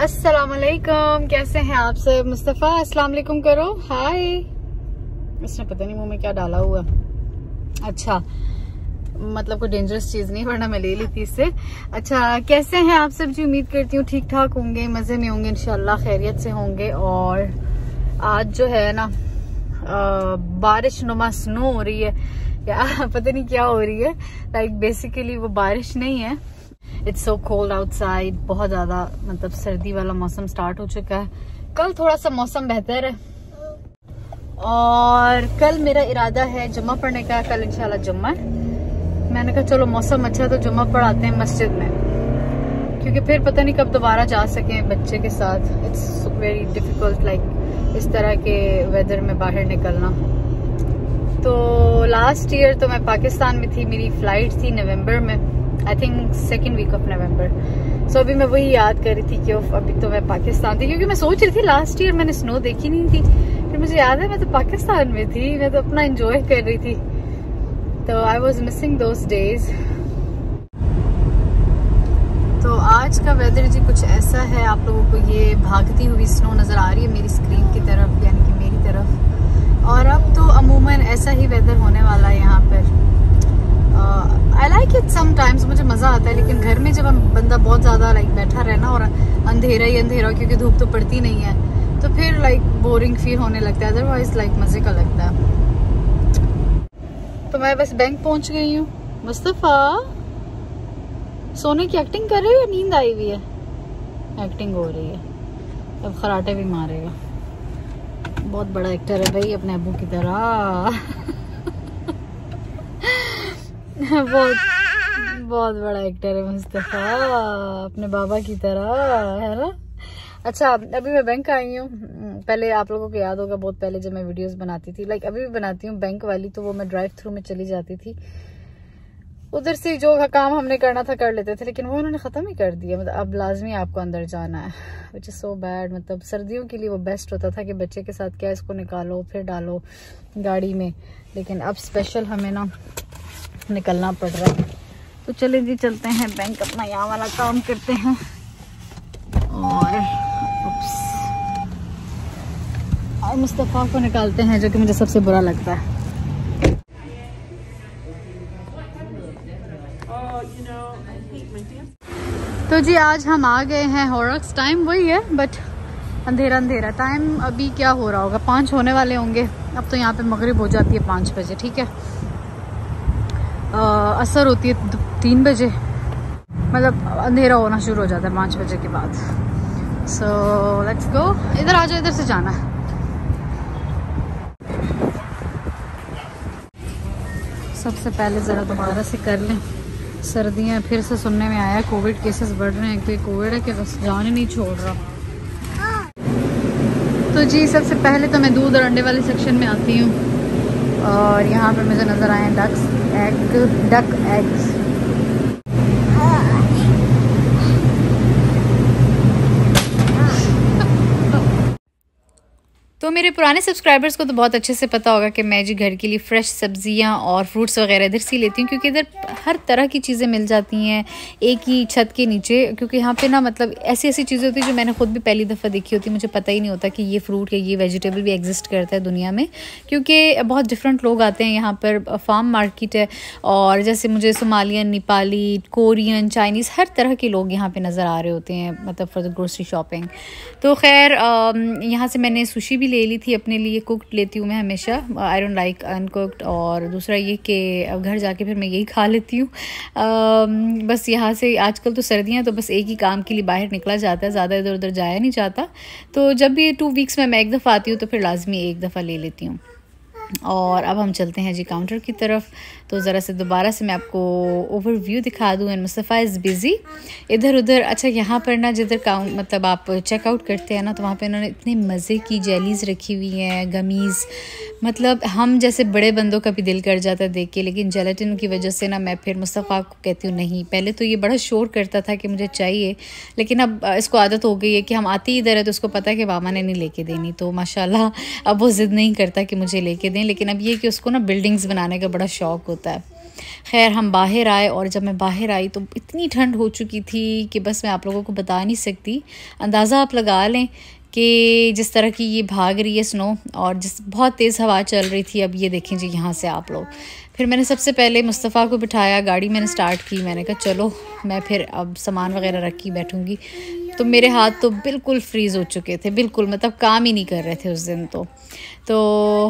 असलकम कैसे हैं आप सब मुस्तफ़ा असलकुम करो हाय इसने पता नहीं मुंह में क्या डाला हुआ अच्छा मतलब कोई डेंजरस चीज़ नहीं वरना मैं ले ली थी इससे अच्छा कैसे हैं आप सब जी उम्मीद करती हूँ ठीक ठाक होंगे मज़े में होंगे इनशाला खैरियत से होंगे और आज जो है ना आ, बारिश नुमा स्नो हो रही है या पता नहीं क्या हो रही है लाइक बेसिकली वो बारिश नहीं है इट्स सो कोल्ड आउटसाइड बहुत ज़्यादा मतलब सर्दी वाला मौसम स्टार्ट हो चुका है कल थोड़ा सा मौसम बेहतर है और कल मेरा इरादा है जुम्मा पढ़ने का कल इनशाला जुम्मा मैंने कहा चलो मौसम अच्छा तो जुम्मा पढ़ाते हैं मस्जिद में क्योंकि फिर पता नहीं कब दोबारा जा सके बच्चे के साथ इट्स वेरी डिफिकल्ट लाइक इस तरह के वेदर में बाहर निकलना तो लास्ट ईयर तो मैं पाकिस्तान में थी मेरी फ्लाइट थी नवंबर में I think second week of November so अभी मैं वही याद कर रही थी कि अभी तो मैं पाकिस्तान थी क्योंकि मैं सोच रही थी लास्ट ईयर मैंने स्नो देखी नहीं थी फिर मुझे याद है मैं तो पाकिस्तान में थी मैं तो अपना इंजॉय कर रही थी तो I was missing those days तो आज का वेदर जी कुछ ऐसा है आप लोगों को ये भागती हुई स्नो नज़र आ रही है मेरी स्क्रीन की तरफ यानी कि मेरी तरफ और अब तो अमूमन ऐसा ही वेदर होने वाला है यहाँ पर आई लाइक इट समटाइम्स मुझे मज़ा आता है लेकिन घर में जब हम बंदा बहुत ज़्यादा लाइक like, बैठा रहना और अंधेरा ही अंधेरा क्योंकि धूप तो पड़ती नहीं है तो फिर लाइक बोरिंग फील होने लगता है अदरवाइज लाइक मज़े का लगता है तो मैं बस बैंक पहुंच गई हूँ मुस्तफ़ा सोने की एक्टिंग कर रही है या नींद आई हुई है एक्टिंग हो रही है अब खराटे भी मारेगा बहुत बड़ा एक्टर है भाई अपने अबू की तरह बहुत बहुत बड़ा एक्टर है मुस्तफ़ा अपने बाबा की तरह है ना अच्छा अभी मैं बैंक आई हूँ हम्म, पहले आप लोगों को याद होगा बहुत पहले जब मैं वीडियोस बनाती थी लाइक अभी भी बनाती हूँ बैंक वाली तो वो मैं ड्राइव थ्रू में चली जाती थी उधर से जो काम हमने करना था कर लेते थे लेकिन वो उन्होंने ख़त्म ही कर दिया मतलब अब लाजमी आपको अंदर जाना है विच इज़ सो बैड मतलब सर्दियों के लिए वो बेस्ट होता था कि बच्चे के साथ क्या इसको निकालो फिर डालो गाड़ी में लेकिन अब स्पेशल हमें ना निकलना पड़ रहा है तो चले जी चलते हैं बैंक अपना यहाँ वाला काम करते हैं और और मुस्तफ़ा को निकालते हैं जो कि मुझे सबसे बुरा लगता है तो जी आज हम आ गए हैं हॉरक्स टाइम वही है बट अंधेरा अंधेरा टाइम अभी क्या हो रहा होगा पाँच होने वाले होंगे अब तो यहाँ पे मगरिब हो जाती है पाँच बजे ठीक है असर होती है तीन बजे मतलब अंधेरा होना शुरू हो जाता है पाँच बजे के बाद सो लेट्स गो इधर आ जाओ इधर से जाना है सबसे पहले ज़रा दोबारा से कर लें सर्दियाँ फिर से सुनने में आया कोविड केसेस बढ़ रहे हैं कि कोविड है कि बस जान ही नहीं छोड़ रहा तो जी सबसे पहले तो मैं दूध और अंडे वाले सेक्शन में आती हूँ और यहाँ पर मुझे नज़र आए डक्स egg duck eggs तो मेरे पुराने सब्सक्राइबर्स को तो बहुत अच्छे से पता होगा कि मैं जी घर के लिए फ्रेश सब्जियां और फ्रूट्स वगैरह इधर से लेती हूँ क्योंकि इधर हर तरह की चीज़ें मिल जाती हैं एक ही छत के नीचे क्योंकि यहाँ पे ना मतलब ऐसी ऐसी चीज़ें होती हैं जो मैंने खुद भी पहली दफ़ा देखी होती मुझे पता ही नहीं होता कि ये फ्रूट या ये वेजिटेबल भी एग्जिस्ट करता है दुनिया में क्योंकि बहुत डिफरेंट लोग आते हैं यहाँ पर फार्म मार्केट है और जैसे मुझे सोमालियन नेपाली कोरियन चाइनीज़ हर तरह के लोग यहाँ पर नज़र आ रहे होते हैं मतलब फॉर द ग्रोसरी शॉपिंग तो खैर यहाँ से मैंने सुशी भी ले ली थी अपने लिए कुकड लेती हूँ मैं हमेशा आई डोंट लाइक अनकुकड और दूसरा ये कि घर जाके फिर मैं यही खा लेती हूँ बस यहाँ से आजकल तो सर्दियाँ तो बस एक ही काम के लिए बाहर निकला जाता है ज़्यादा इधर उधर जाया नहीं जाता तो जब भी टू वीक्स में मैं एक दफ़ा आती हूँ तो फिर लाजमी एक दफ़ा ले लेती हूँ और अब हम चलते हैं जी काउंटर की तरफ तो ज़रा से दोबारा से मैं आपको ओवरव्यू दिखा दूँ एंड मुस्तफ़ा इज़ बिज़ी इधर उधर अच्छा यहाँ पर ना जिधर काउंट मतलब आप चेकआउट करते हैं ना तो वहाँ पे इन्होंने इतने मज़े की जेलीज़ रखी हुई हैं गमीज़ मतलब हम जैसे बड़े बंदों का भी दिल कर जाता है देख के लेकिन जेलेटिन की वजह से ना मैं फिर मुस्तफ़ा को कहती हूँ नहीं पहले तो ये बड़ा शोर करता था कि मुझे चाहिए लेकिन अब इसको आदत हो गई है कि हम आते ही इधर है तो उसको पता है कि मामा ने नहीं लेके देनी तो माशाला अब वो ज़िद नहीं करता कि मुझे लेके दें हैं लेकिन अब ये कि उसको ना बिल्डिंग्स बनाने का बड़ा शौक़ होता है खैर हम बाहर आए और जब मैं बाहर आई तो इतनी ठंड हो चुकी थी कि बस मैं आप लोगों को बता नहीं सकती अंदाज़ा आप लगा लें कि जिस तरह की ये भाग रही है स्नो और जिस बहुत तेज़ हवा चल रही थी अब ये देखें जी यहाँ से आप लोग फिर मैंने सबसे पहले मुस्तफ़ा को बिठाया गाड़ी मैंने स्टार्ट की मैंने कहा चलो मैं फिर अब सामान वगैरह रख के बैठूँगी तो मेरे हाथ तो बिल्कुल फ्रीज़ हो चुके थे बिल्कुल मतलब काम ही नहीं कर रहे थे उस दिन तो तो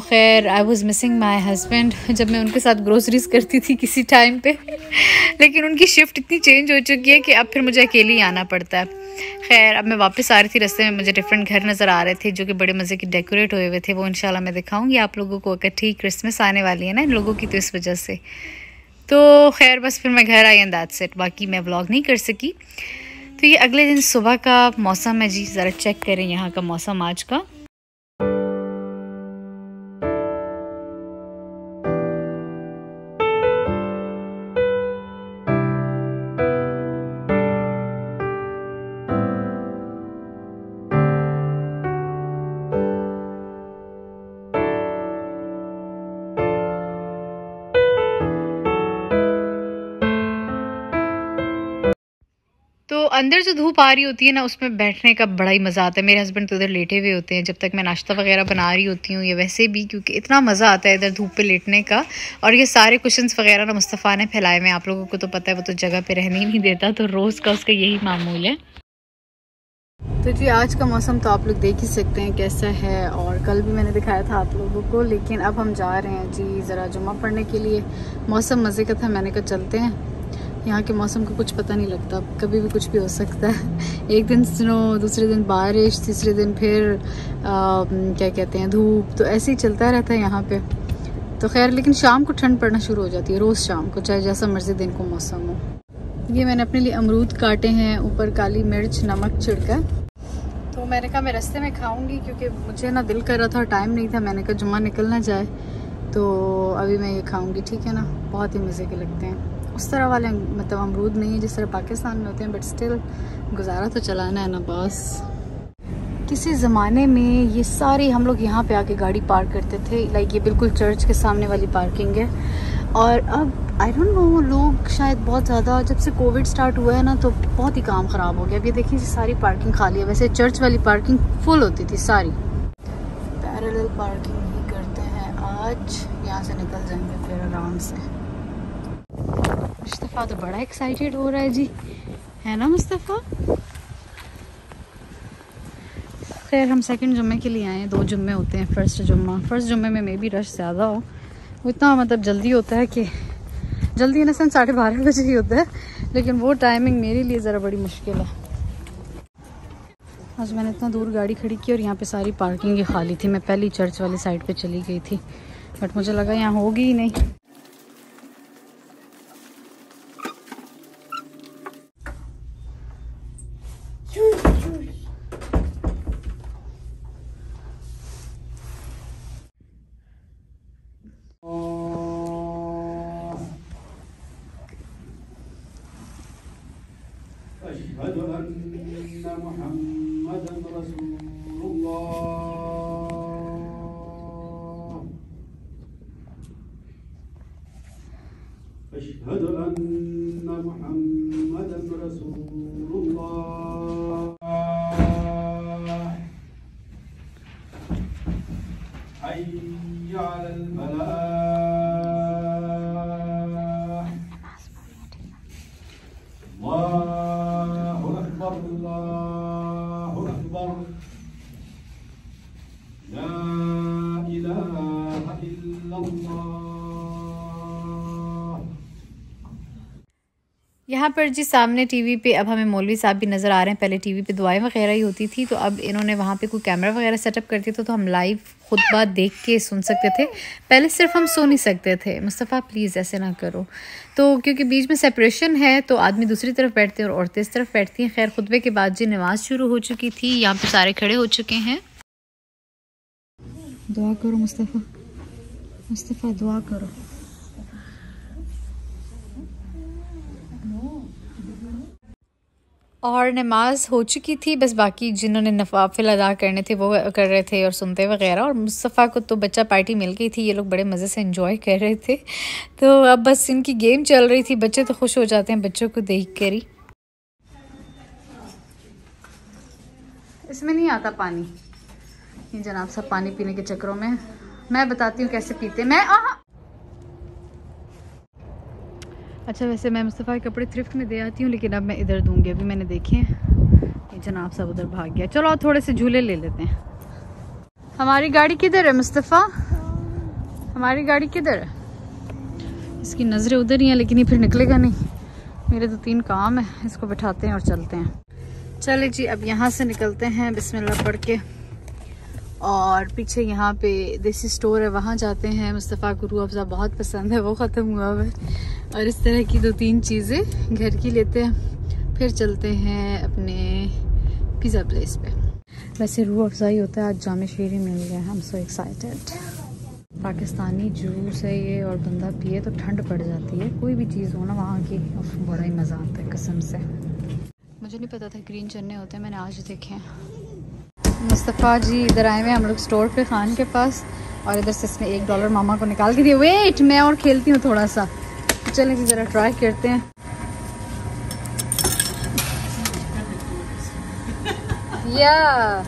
खैर I was missing my husband जब मैं उनके साथ ग्रोसरीज करती थी किसी टाइम पे लेकिन उनकी शिफ्ट इतनी चेंज हो चुकी है कि अब फिर मुझे अकेले ही आना पड़ता है खैर अब मैं वापस आ रही थी रस्ते में मुझे डिफरेंट घर नज़र आ रहे थे जो कि बड़े मज़े के डेकोरेट हुए हुए थे वो इंशाल्लाह मैं दिखाऊंगी आप लोगों को अगर ठीक क्रिसमस आने वाली है ना इन लोगों की तो इस वजह से तो खैर बस फिर मैं घर आई अंदाज सेट बाकी मैं ब्लॉग नहीं कर सकी तो ये अगले दिन सुबह का मौसम है जी ज़रा चेक करें यहाँ का मौसम आज का अंदर जो धूप आ रही होती है ना उसमें बैठने का बड़ा ही मज़ा आता है मेरे हस्बैंड तो उधर लेटे हुए होते हैं जब तक मैं नाश्ता वगैरह बना रही होती हूँ या वैसे भी क्योंकि इतना मज़ा आता है इधर धूप पे लेटने का और ये सारे कुशन वगैरह ना मुस्तफ़ा ने फैलाए हुए आप लोगों को तो पता है वो तो जगह पर रहने ही नहीं देता तो रोज़ का उसका यही मामूल है तो जी आज का मौसम तो आप लोग देख ही सकते हैं कैसा है और कल भी मैंने दिखाया था आप लोगों को लेकिन अब हम जा रहे हैं जी ज़रा जुमा पढ़ने के लिए मौसम मज़े का था मैंने कहा चलते हैं यहाँ के मौसम का कुछ पता नहीं लगता कभी भी कुछ भी हो सकता है एक दिन स्नो दूसरे दिन बारिश तीसरे दिन फिर आ, क्या कहते हैं धूप तो ऐसे ही चलता रहता है यहाँ पे तो खैर लेकिन शाम को ठंड पड़ना शुरू हो जाती है रोज़ शाम को चाहे जैसा मर्जी दिन को मौसम हो ये मैंने अपने लिए अमरूद काटे हैं ऊपर काली मिर्च नमक छिड़का तो मैंने कहा मैं रस्ते में खाऊंगी क्योंकि मुझे ना दिल कर रहा था टाइम नहीं था मैंने कहा जुम्मा निकल ना जाए तो अभी मैं ये खाऊंगी ठीक है ना बहुत ही मज़े के लगते हैं उस तरह वाले मतलब अमरूद नहीं है जिस तरह पाकिस्तान में होते हैं बट स्टिल गुजारा तो चलाना है ना बस किसी ज़माने में ये सारी हम लोग यहाँ पे आके गाड़ी पार्क करते थे लाइक ये बिल्कुल चर्च के सामने वाली पार्किंग है और अब आई डोंट नो लोग शायद बहुत ज़्यादा जब से कोविड स्टार्ट हुआ है ना तो बहुत ही काम ख़राब हो गया अब ये देखिए सारी पार्किंग खाली है वैसे चर्च वाली पार्किंग फुल होती थी सारी पैरल पार्किंग ही करते हैं आज यहाँ से निकल जाएंगे फिर आराम से मुस्तफ़ा तो बड़ा एक्साइटेड हो रहा है जी है ना मुस्तफ़ा खैर हम सेकंड जुम्मे के लिए आए हैं दो जुम्मे होते हैं फ़र्स्ट जुम्मा फ़र्स्ट जुम्मे में मे भी रश ज़्यादा हो वो इतना मतलब जल्दी होता है कि जल्दी इन सन साढ़े बारह बजे ही होता है लेकिन वो टाइमिंग मेरे लिए ज़रा बड़ी मुश्किल है आज मैंने इतना दूर गाड़ी खड़ी की और यहाँ पे सारी पार्किंग ही खाली थी मैं पहली चर्च वाली साइड पे चली गई थी बट मुझे लगा यहाँ होगी ही नहीं محمد رسول الله पर जी सामने टीवी पे अब हमें मौलवी साहब भी नज़र आ रहे हैं पहले टीवी पे दुआएं वगैरह ही होती थी तो अब इन्होंने वहाँ पे कोई कैमरा वगैरह सेटअप कर दिया तो हम लाइव खुतबा देख के सुन सकते थे पहले सिर्फ हम सुन ही सकते थे मुस्तफ़ा प्लीज़ ऐसे ना करो तो क्योंकि बीच में सेपरेशन है तो आदमी दूसरी तरफ बैठते हैं और औरतें इस तरफ बैठती हैं खैर खुतबे के बाद जी नमाज शुरू हो चुकी थी यहाँ पर सारे खड़े हो चुके हैं दुआ करो मुस्तफ़ा मुस्तफ़ा दुआ करो और नमाज हो चुकी थी बस बाकी जिन्होंने नफाफिल अदा करने थे वो कर रहे थे और सुनते वगैरह और मुस्तफ़ा को तो बच्चा पार्टी मिल गई थी ये लोग बड़े मज़े से इन्जॉय कर रहे थे तो अब बस इनकी गेम चल रही थी बच्चे तो खुश हो जाते हैं बच्चों को देख कर ही इसमें नहीं आता पानी ये जनाब सब पानी पीने के चक्करों में मैं बताती हूँ कैसे पीते मैं आहा अच्छा वैसे मैं मुस्तफ़ा के कपड़े थ्रिफ्ट में दे आती हूँ लेकिन अब मैं इधर दूंगी अभी मैंने देखे हैं जनाब सब उधर भाग गया चलो थोड़े से झूले ले लेते हैं हमारी गाड़ी किधर है मुस्तफ़ा हमारी गाड़ी किधर है इसकी नज़रें उधर ही हैं लेकिन ये फिर निकलेगा नहीं मेरे दो तो तीन काम है इसको बैठाते हैं और चलते हैं चले जी अब यहाँ से निकलते हैं बिस्मिल्लाह पढ़ के और पीछे यहाँ पे देसी स्टोर है वहाँ जाते हैं मुस्तफ़ा गुरु अफजा बहुत पसंद है वो ख़त्म हुआ हुआ है और इस तरह की दो तीन चीज़ें घर की लेते हैं फिर चलते हैं अपने पिज़्ज़ा प्लेस पे वैसे रूह अफजा ही होता है आज जाम शेरी मिल गया है सो एक्साइटेड पाकिस्तानी जूस है ये और बंदा पिए तो ठंड पड़ जाती है कोई भी चीज़ हो ना वहाँ की बड़ा ही मज़ा आता है कसम से मुझे नहीं पता था ग्रीन चने होते हैं मैंने आज देखे हैं मुस्तफ़ा जी इधर आए हुए हम लोग स्टोर पे खान के पास और इधर से इसने एक डॉलर मामा को निकाल के दिया वेट मैं और खेलती हूँ थोड़ा सा चलें जी ज़रा ट्राई करते हैं Yeah,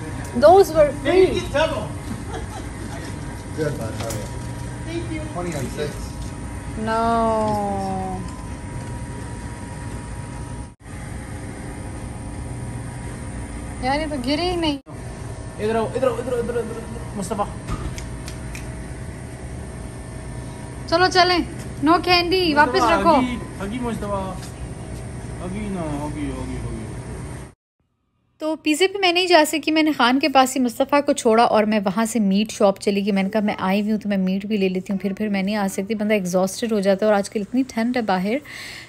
यार ये तो गिरे ही नहीं इधर आओ इधर इधर इधर मुस्तफा चलो चलें नो कैंडी वापस रखो हगी मुस्तफा हगी ना हगी हगी हगी तो पिज़्ज़े पे मैं नहीं जा सकी मैंने ख़ान के पास ही मुस्तफ़ा को छोड़ा और मैं वहाँ से मीट शॉप चली गई मैंने कहा मैं आई हुई हूँ तो मैं मीट भी ले लेती हूँ फिर फिर मैं नहीं आ सकती बंदा एग्जॉस्टेड हो जाता है और आजकल इतनी ठंड है बाहर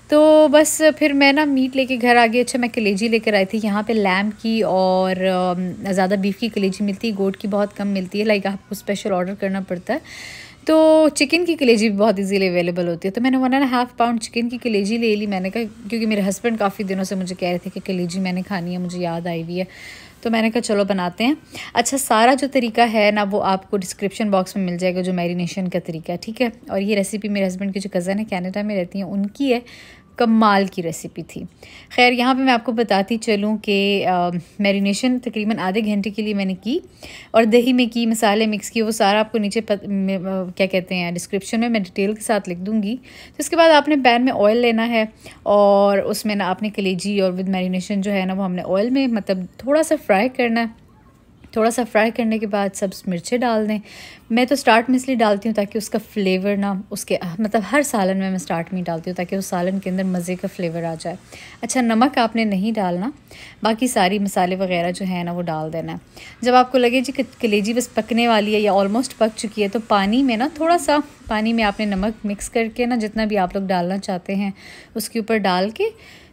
तो बस फिर मैं ना मीट लेके घर आ गई अच्छा मैं कलेजी लेकर आई थी यहाँ पे लैम्प की और ज़्यादा बीफ की कलेजी मिलती है गोट की बहुत कम मिलती है लाइक आपको स्पेशल ऑर्डर करना पड़ता है तो चिकन की कलेजी भी बहुत इजीली अवेलेबल होती है तो मैंने one and half pound chicken की कलेजी ले ली मैंने कहा क्योंकि मेरे हस्बैंड काफ़ी दिनों से मुझे कह रहे थे कि कलेजी मैंने खानी है मुझे याद आई हुई है तो मैंने कहा चलो बनाते हैं अच्छा सारा जो तरीका है ना वो आपको डिस्क्रिप्शन बॉक्स में मिल जाएगा जो मैरिनेशन का तरीका ठीक है और ये रेसिपी मेरे हस्बैंड की जो कज़न है कैनेडा में रहती हैं उनकी है कमाल की रेसिपी थी खैर यहाँ पे मैं आपको बताती चलूँ कि मैरिनेशन तकरीबन आधे घंटे के लिए मैंने की और दही में की मसाले मिक्स किए वो सारा आपको नीचे पत, में, क्या कहते हैं डिस्क्रिप्शन में मैं डिटेल के साथ लिख दूँगी तो इसके बाद आपने पैन में ऑयल लेना है और उसमें ना आपने कलेजी और विद मैरिनेशन जो है ना वो हमने ऑयल में मतलब थोड़ा सा फ्राई करना है थोड़ा सा फ्राई करने के बाद सब मिर्चें डाल दें मैं तो स्टार्ट में इसलिए डालती हूँ ताकि उसका फ्लेवर ना उसके मतलब हर सालन में मैं स्टार्ट में डालती हूँ ताकि उस सालन के अंदर मज़े का फ्लेवर आ जाए अच्छा नमक आपने नहीं डालना बाकी सारी मसाले वगैरह जो है ना वो डाल देना है जब आपको लगे जी कलेजी बस पकने वाली है या ऑलमोस्ट पक चुकी है तो पानी में ना थोड़ा सा पानी में आपने नमक मिक्स करके ना जितना भी आप लोग डालना चाहते हैं उसके ऊपर डाल के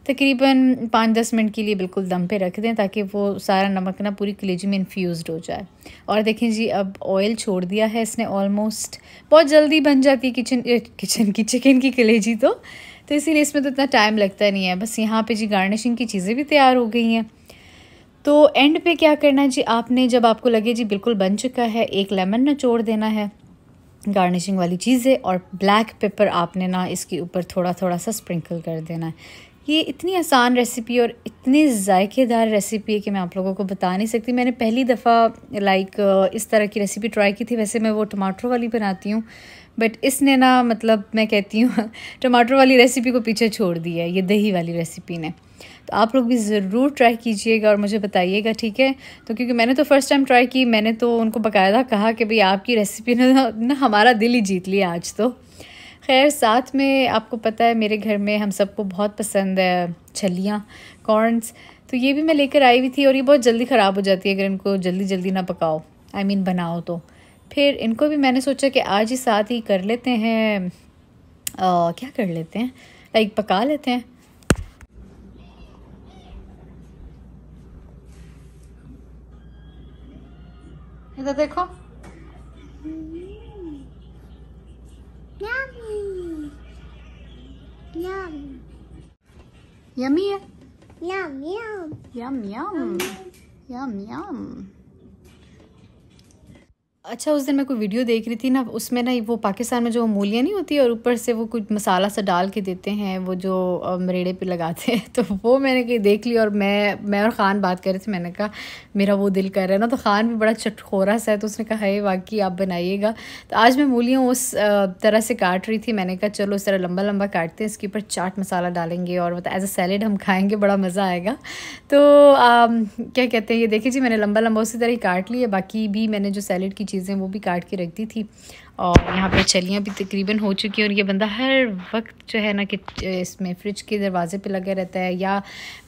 तकरीबन पाँच दस मिनट के लिए बिल्कुल दम पे रख दें ताकि वो सारा नमक ना पूरी कलेजी में इन्फ्यूज़ हो जाए और देखें जी अब ऑयल छोड़ दिया है इसने ऑलमोस्ट बहुत जल्दी बन जाती है किचन किचन की चिकन की कलेजी तो तो इसीलिए इसमें तो इतना टाइम लगता नहीं है बस यहाँ पे जी गार्निशिंग की चीज़ें भी तैयार हो गई हैं तो एंड पे क्या करना है जी आपने जब आपको लगे जी बिल्कुल बन चुका है एक लेमन निचोड़ देना है गार्निशिंग वाली चीज़ें और ब्लैक पेपर आपने ना इसके ऊपर थोड़ा थोड़ा सा स्प्रिंकल कर देना है ये इतनी आसान रेसिपी और इतनी जायकेदार रेसिपी है कि मैं आप लोगों को बता नहीं सकती मैंने पहली दफ़ा लाइक इस तरह की रेसिपी ट्राई की थी वैसे मैं वो टमाटरों वाली बनाती हूँ बट इसने ना मतलब मैं कहती हूँ टमाटर वाली रेसिपी को पीछे छोड़ दिया है ये दही वाली रेसिपी ने तो आप लोग भी ज़रूर ट्राई कीजिएगा और मुझे बताइएगा ठीक है तो क्योंकि मैंने तो फ़र्स्ट टाइम ट्राई की मैंने तो उनको बाकायदा कहा कि भाई आपकी रेसिपी ने ना हमारा दिल ही जीत लिया आज तो खैर साथ में आपको पता है मेरे घर में हम सबको बहुत पसंद है छलियाँ कॉर्नस तो ये भी मैं लेकर आई हुई थी और ये बहुत जल्दी ख़राब हो जाती है अगर इनको जल्दी जल्दी ना पकाओ आई I मीन mean, बनाओ तो फिर इनको भी मैंने सोचा कि आज ही साथ ही कर लेते हैं आ, क्या कर लेते हैं लाइक पका लेते हैं देखो Yum. Yummy? Yum, yum. Yum, yum. Yum, yum. yum. अच्छा उस दिन मैं कोई वीडियो देख रही थी ना उसमें ना वो पाकिस्तान में जो मूलियाँ नहीं होती और ऊपर से वो कुछ मसाला सा डाल के देते हैं वो जो मरेड़े पे लगाते हैं तो वो मैंने कहीं देख ली और मैं मैं और ख़ान बात कर रहे थे मैंने कहा मेरा वो दिल कर रहा है ना तो ख़ान भी बड़ा चटखोरा सा है तो उसने कहा है वाकई आप बनाइएगा तो आज मैं मूलियाँ उस तरह से काट रही थी मैंने कहा चलो उस तरह लम्बा लम्बा काटते हैं इसके ऊपर चाट मसाला डालेंगे और मतलब एज अ सैलड हम खाएँगे बड़ा मज़ा आएगा तो क्या कहते हैं ये देखिए जी मैंने लम्बा लम्बा उसी तरह ही काट लिया बाकी भी मैंने जो सैलड की चीज़ें वो भी काट के रख दी थी और यहाँ पर चलियाँ भी तकरीबन हो चुकी हैं और ये बंदा हर वक्त जो है ना कि इसमें फ्रिज के दरवाज़े पे लगा रहता है या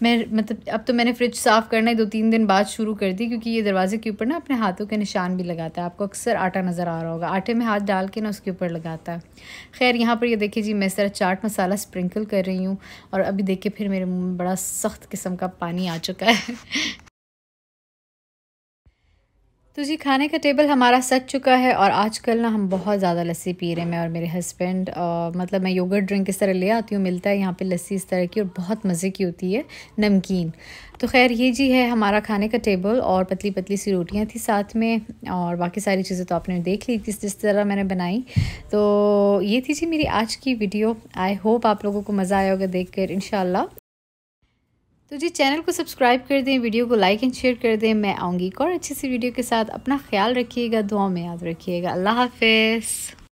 मैं मतलब अब तो मैंने फ्रिज साफ़ करना है दो तीन दिन बाद शुरू कर दी क्योंकि ये दरवाज़े के ऊपर ना अपने हाथों के निशान भी लगाता है आपको अक्सर आटा नज़र आ रहा होगा आटे में हाथ डाल के ना उसके ऊपर लगाता है खैर यहाँ पर ये देखिए जी मैं इस तरह चाट मसाला स्प्रिंकल कर रही हूँ और अभी देखिए फिर मेरे मुँह में बड़ा सख्त किस्म का पानी आ चुका है तो जी खाने का टेबल हमारा सच चुका है और आजकल ना हम बहुत ज़्यादा लस्सी पी रहे हैं मैं और मेरे हस्बैंड मतलब मैं योगर्ट ड्रिंक इस तरह ले आती हूँ मिलता है यहाँ पे लस्सी इस तरह की और बहुत मज़े की होती है नमकीन तो खैर ये जी है हमारा खाने का टेबल और पतली पतली सी रोटियाँ थी साथ में और बाकी सारी चीज़ें तो आपने देख ली थी जिस तरह मैंने बनाई तो ये थी जी मेरी आज की वीडियो आई होप आप लोगों को मज़ा आया होगा देख कर तो जी चैनल को सब्सक्राइब कर दें वीडियो को लाइक एंड शेयर कर दें मैं आऊँगी एक और अच्छी सी वीडियो के साथ अपना ख्याल रखिएगा दुआ में याद रखिएगा अल्लाह हाफिज़